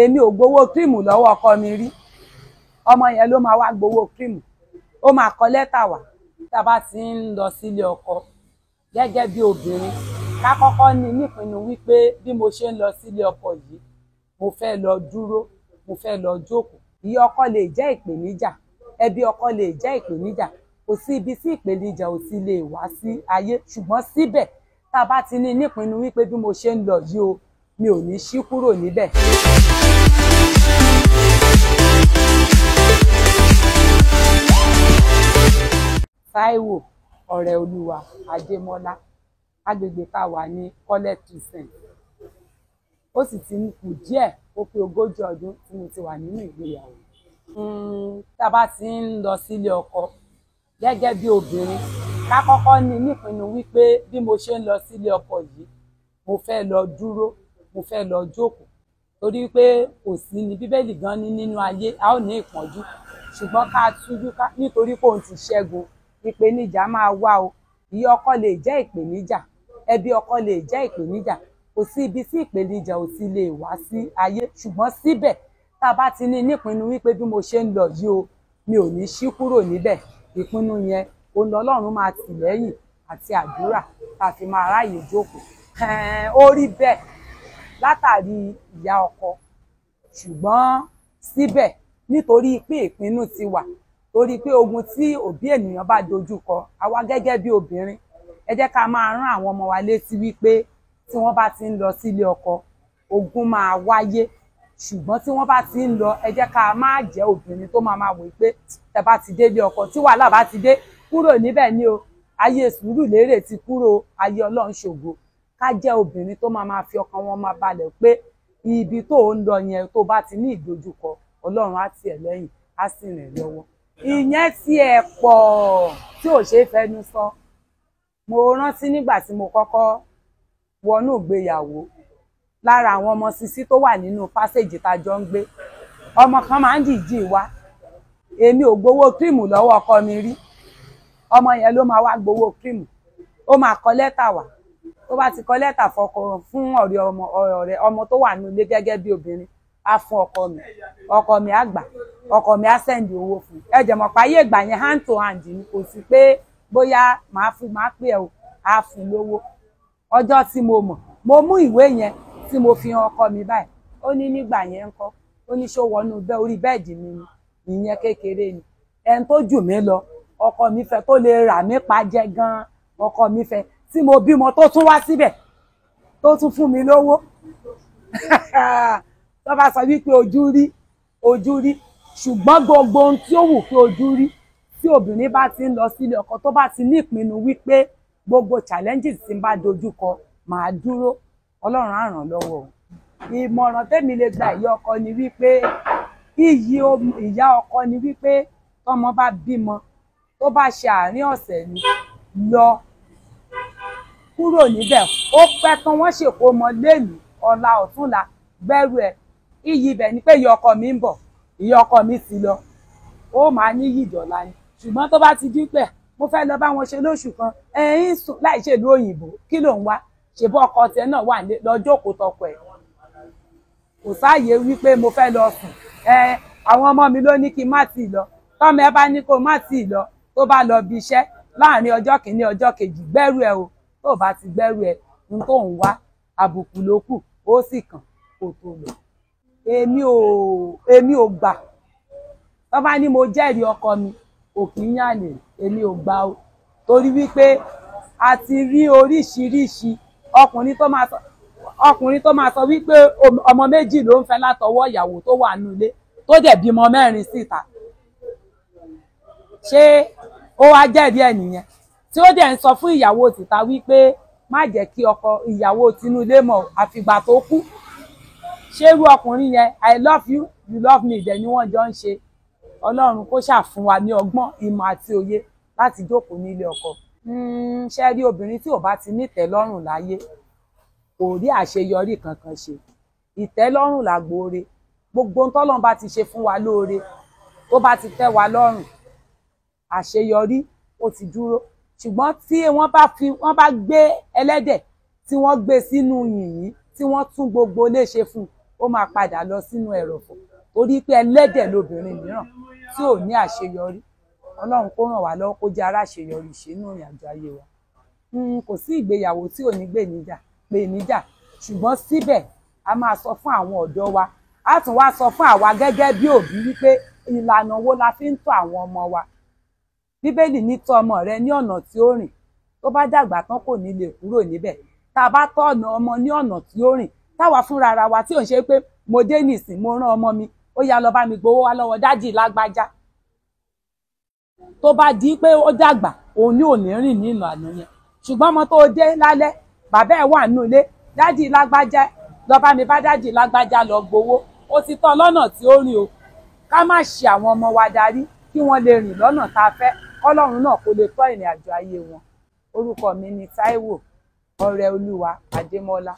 èmi ò gbowó kírìmù lọ́wọ́ ọkọ mi rí ọmọ yẹn ló máa wá gbowó kírìmù ó máa kọ lẹ́tà wá tá a bá ti ń lọ sílé ọkọ gẹ́gẹ́ bí obìnrin ká kọ́kọ́ ní nípinnu wípé bí mo ṣe ń lọ sílé ọkọ yìí mo fẹ́ lọ dúró mo fẹ́ lọ jókòó ìyá ọkọ lè jẹ́ ìpèníjà ẹbí ọkọ lè jẹ́ ìpèníjà kò sí ibi tí ìpèníjà ò ti lè wá sí ayé ṣùgbọ́n síbẹ̀ tá a bá ti ní nípinnu wípé bí mo ṣe ń lọ yìí o mi ò ní ṣí kúrò níbẹ̀. Táíwò ọ̀rẹ́ olúwa Adémọ́lá agbègbè tá a wà ní College Christian ó sì ti kù díẹ̀ ó pé ogójì ọdún tí mo ti wà nínú ìgbéyàwó hmm, tá a bá ti ń lọ sílé ọkọ gẹ́gẹ́ bí obìnrin ká kọ́kọ́ nípinnu wípé bí mo ṣe ń lọ sílé ọkọ yìí mo fẹ́ lọ dúró mo fẹ́ lọ jókòó torí pé kò sí ni bíbélì gan ni nínú ayé a ó ní ìpọ́njú ṣùgbọ́n ká tújú ká nítorí pé òun ti ṣẹ́gun ìpèníjà máa wá o ìyá ọkọ lè jẹ́ ìpèníjà ẹbí ọkọ lè jẹ́ ìpèníjà kò sí ibi tí ìpèníjà ò ti lè wá sí ayé ṣùgbọ́n síbẹ̀ tá a bá ti ní nípinnu wípé bí mo ṣe ń lọ yìí o mi ò ní ṣí kúrò níbẹ̀ ìpinnu yẹn òun lọ́lọ́run máa tì lẹ́yìn àti àdúrà tá a fi máa ráàyè jókòó ó rí bẹ́ẹ̀ látàrí ìyá ọkọ ṣùgbọ́n síbẹ̀ nítorí pé ìpinnu ti wà torí pé ogun tí òbí ènìyàn bá dojú kọ àwa gẹ́gẹ́ bí obìnrin ẹ jẹ́ ká máa rán àwọn ọmọ wa létí wípé tí wọ́n bá ti ń lọ sílé ọkọ ogun máa wáyé ṣùgbọ́n tí wọ́n bá ti ń lọ ẹ jẹ́ ká máa jẹ́ obìnrin tó máa máa wò pé tẹ bá ti délé ọkọ tí wàhálà bá ti dé kúrò níbẹ̀ ni o ayé sùúrù lérè ti kúrò ayé ọlọ́run ṣògo ká jẹ́ obìnrin tó máa máa fi ọkàn wọn máa balẹ̀ pé ibi tó ń lọ yẹn tó bá ti ní ìdojúkọ ọlọ́run á tì ẹ́ lẹ́yìn á sì rìn lọ́wọ́ ìyẹn tí ẹ pọ̀ tí ò ṣeé fẹnu sọ mo rántí nígbà tí mo kọ́kọ́ wọnú ìgbéyàwó lára àwọn ọmọ sisi tó wà nínú pásẹ̀jì tá a jọ ń gbé ọmọ kan máa ń dìídì wá èmi ò gbowó kírìmù lọ́wọ́ ọkọ mi rí ọmọ yẹn ló máa wá gbowó kírìmù ó máa kọ lẹ́tà wá tó bá ti kọ lẹ́tà fọkọ fún ọ̀rẹ́ ọmọ ọ̀rẹ́ ọmọ tó wà nínú ilé gẹ́gẹ́ bí obìnrin á fún ọkọ mi ọkọ mi á gbà ọkọ mi á sẹ́ndì owó fún ẹ jẹ̀mọ̀ páyé ìgbà yẹn hand to hand ni kò sí pé bóyá màá fún màá pè ẹ́ o á fún lówó ọjọ́ tí mo mọ̀ mo mú ìwé yẹn tí mo fi hàn ọkọ mi báyìí ó ní nígbà yẹn ń kọ́ ó ní ṣó wọnú bẹ́ẹ̀ orí bẹ́ẹ̀dì mi ni ìyẹn kékeré ni ẹni tó jù mí lọ ọkọ mi fẹ́ tó lè rà mí pa jẹ gan ọkọ mi fẹ́ tí mo bímọ tó tún wá síbẹ̀ tó tún fún mi lówó tó bá sọ wípé ojú rí ojú rí ṣùgbọ́n gbogbo ohun tí ó wù kí ojú rí tí obìnrin bá ti ń lọ sílé ọkọ tó bá ti ní ìpinnu wípé gbogbo challenges tí ń bá dojú kọ màá dúró ọlọ́run á ràn lọ́wọ́ ìmọ̀ràn tẹ́mi lè gba ìyá ọkọ ni wípé iyì ìyá ọkọ ni wípé tọmọ bá bímọ tó bá ṣe àárín ọ̀sẹ̀ ni lọ kúrò níbẹ̀ ó pẹ́ tán wọ́n ṣèkó ọmọ lẹ́nu ọ̀la ọ̀túnla gbẹ́rù ẹ̀ iyì ibẹ̀ ni pé ìyá ọkọ mi ń bọ̀ ìyá ọkọ mi ti lọ ó máa ní yìdọ̀la ni ṣùgbọ́n tó bá ti dín pẹ̀ mo fẹ́ lọ bá wọn ṣe lóṣù kan ẹ̀yìn sùn láì ṣèlú òyìnbó kí ló ń wá ṣèbọ̀ ọkọ tiẹ̀ náà wà lọ́jọ́ kò tọkọ ẹ̀ kò sáàyè wípé mo fẹ́ lọ sùn ẹ àwọn ọmọ mi ló ní kí n má tì í lọ tọ́mọ ẹ bá ní kó má tì í lọ tó bá lọ bí iṣẹ́ láàrin ọjọ́ kìíní ọjọ́ kejì gbẹ́rù ẹ o tó o bá ti gbẹ́rù ẹ n tó ń wá àbùkù ló kù ó sì kàn kó tó lọ èmi ò èmi ò gbà tó bá ní mo jẹ́rìí ọkọ mi òkì ń yànnì èmi ò gbà o torí wípé a ti rí oríṣiríṣi ọkùnrin tó máa sọ ọkùnrin tó máa sọ wípé ọmọ méjì ló ń fẹ́ látọwọ́ ìyàwó tó wà nílé tó dẹ̀ bímọ mẹ́rin síta ṣé ó wá jẹ́rìí ẹ̀ nìyẹn tí ó dẹ̀ ń sọ fún ìyàwó tìta wípé má jẹ́ kí ọkọ ìyàwó tinúlé mọ̀ àfìgbà tó kú ṣé irú ọkùnrin yẹn i love you you love me ìdẹ̀ ni wọ́n jọ ń ṣe ọlọ́run kó ṣàfún wa ní ọgbọ́n ìmọ̀ àti òye láti jókòó nílé ọkọ hmm, ṣe rí obìnrin tí ò bá ti nítẹ́lọ́rùn láyé kò rí àṣeyọrí kankan ṣe ìtẹ́lọ́rùn làgbóore gbogbo ohun tọ́lọ́run bá ti ṣe fún wa lóore tó bá ti tẹ́ wa lọ́rùn àṣeyọrí ó ti dúró ṣùgbọ́n tí wọ́n bá fi wọ́n bá gbé ẹlẹ́dẹ̀ tí wọ́n gbé sínú yìnyín tí wọ́n tún gbogbo lè ṣe fún ó máa padà lọ sínú ẹ̀rọ̀fọ̀ torí pé ẹlẹ́dẹ̀ lobìnrin mìíràn tí ò ní àṣeyọrí ọlọ́run kó ràn wá lọ́wọ́ kó jẹ́ aráṣeyọrí ìṣínú ìrìnàjò ayé wa hmm, kò sí ìgbéyàwó tí ò ní gbèníjà gbèníjà ṣùgbọ́n síbẹ̀ a máa sọ fún àwọn ọ̀dọ́ wa a tún wá sọ fún àwa gẹ́gẹ́ bí òbí wípé ìlànà wo la fi ń tọ́ àwọn ọmọ wa bíbélì ní tọ́ ọmọ rẹ ní ọ̀nà tí ó rìn tó bá dàgbà tán kò ní lè kúrò níbẹ̀ tá a bá tọ́ ọ̀nà ọmọ ní ọ̀nà tí ó rìn táwa fúnra ara wa tí ò ń ṣe pé mo dé nìsín mo rán ọmọ mi ó yá lọ bá mi gbowó wá lọ́wọ́ dádì lágbájá tó bá di pé ó dàgbà òun ní òní rìn ní ìlànà yẹn ṣùgbọ́n ọmọ tó dé lálẹ́ bàbá ẹ̀ wà nínú ilé dádì lágbájá lọ bá mi bá dádì lágbájá lọ gbowó ó ti tọ́ lọ́nà tí ó rìn o ká má ṣe àwọn ọmọ wa darí kí wọ́n lè rìn lọ́nà tá a fẹ́ kọ́lọ́run náà kó lè tọ́ ìrìn àjò ayé wọn orúkọ mi ni Táíwò ọrẹ olúwa Adémọ́lá.